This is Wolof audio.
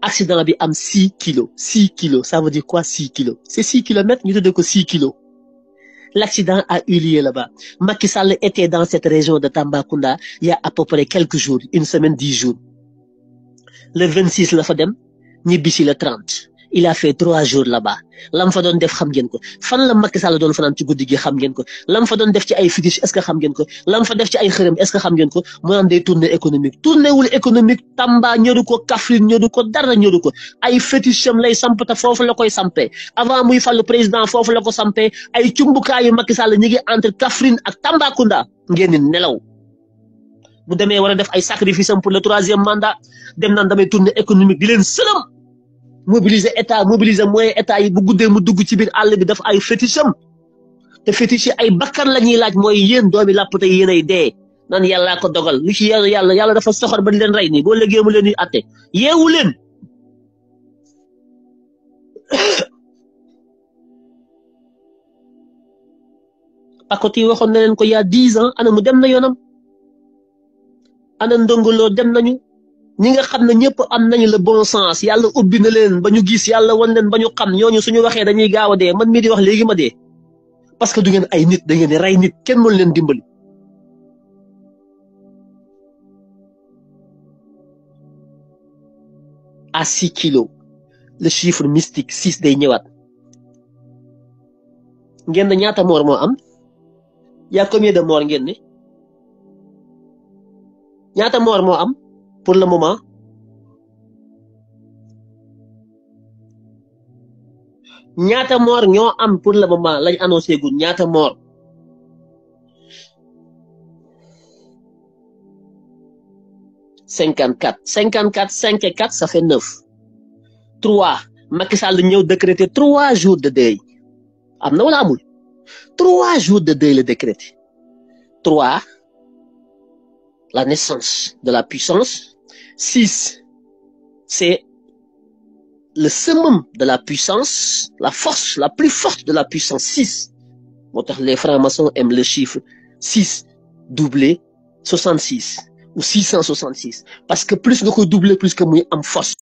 accident bi am 6 kilos 6 kilos ça veut dire quoi 6 kilos c'est 6 kilomètres ñu 6 kilos l'accident a eu lieu là-bas Macky était dans cette région de Tambacounda il y a à peu près quelques jours une semaine dix jours le 26 la Fadem, dem le 30 il a fait trois jours là-bas lam fa don def xam ngeen ko fan la Macky Sall doon fanaan ci guddi gi xam ngeen ko lam fa don def ci ay fétiche est-ce que xam ngeen ko lam fa def ci ay xërëm est-ce que xam ngeen ko Mo naan day tournée économique tournée wul économique Tamba ñëru ko Kaffrine ñëru ko dara ñëru ko ay fétiche lay samp ta fofu la koy sampé. avant muy fàllu président fofu la ko sampé. ay cumbukaayu Macky Sall ñi ngi entre Kaffrine ak kunda ngeen nelaw bu démé war def ay sacrifice pour le troisième mandat dem nan damay tournée économique di len sëlëm mobiliser état mobiliser mooy état yi bu guddee mu dugg ci biir àll bi dafa ay féticham te fétiche ay bakkan la ñuy laaj mooy yéen doomi làppate yéen ay dee nan yàllaa ko dogal lu ci yàlla yàlla yàlla dafa soxor ba di leen rey nii boo léegi mu leen di ate yeewu leen pakot yi waxoon na leen ko yaa dix ans ana mu dem na yoonam ana ndongoloo dem nañu ñi nga xam ne ñëpp am nañu le bon sens yàlla ubbi na leen ba ñu gis yàlla wan leen ba ñu xam ñooñu suñu waxee dañuy gaaw a dee man mii di wax léegi ma dee parce que du ngeen ay nit da ngeen rey nit kenn mënu leen dimbali à 6 kilos le chiffre mystique 6 day ñëwaat ngeen na ñaata moor moo am y'a combien de moor ngeen ne ñaata moor moo am Pour le moment, ñaata moor ñoo am pour le moment lañ annoncé gu ñaata moor cinquante quatre cinquante quatre cinq et quatre ça fait neuf trois Macky Sall ñëw décrété trois jours de deuil am na wala amul trois jours de deuil la décrété trois la naissance de la puissance. 6, c'est le summum de la puissance, la force la plus forte de la puissance. 6. les francs-maçons aiment le chiffre 6 doublé 66 ou 666. Parce que plus nous double plus que nous en force.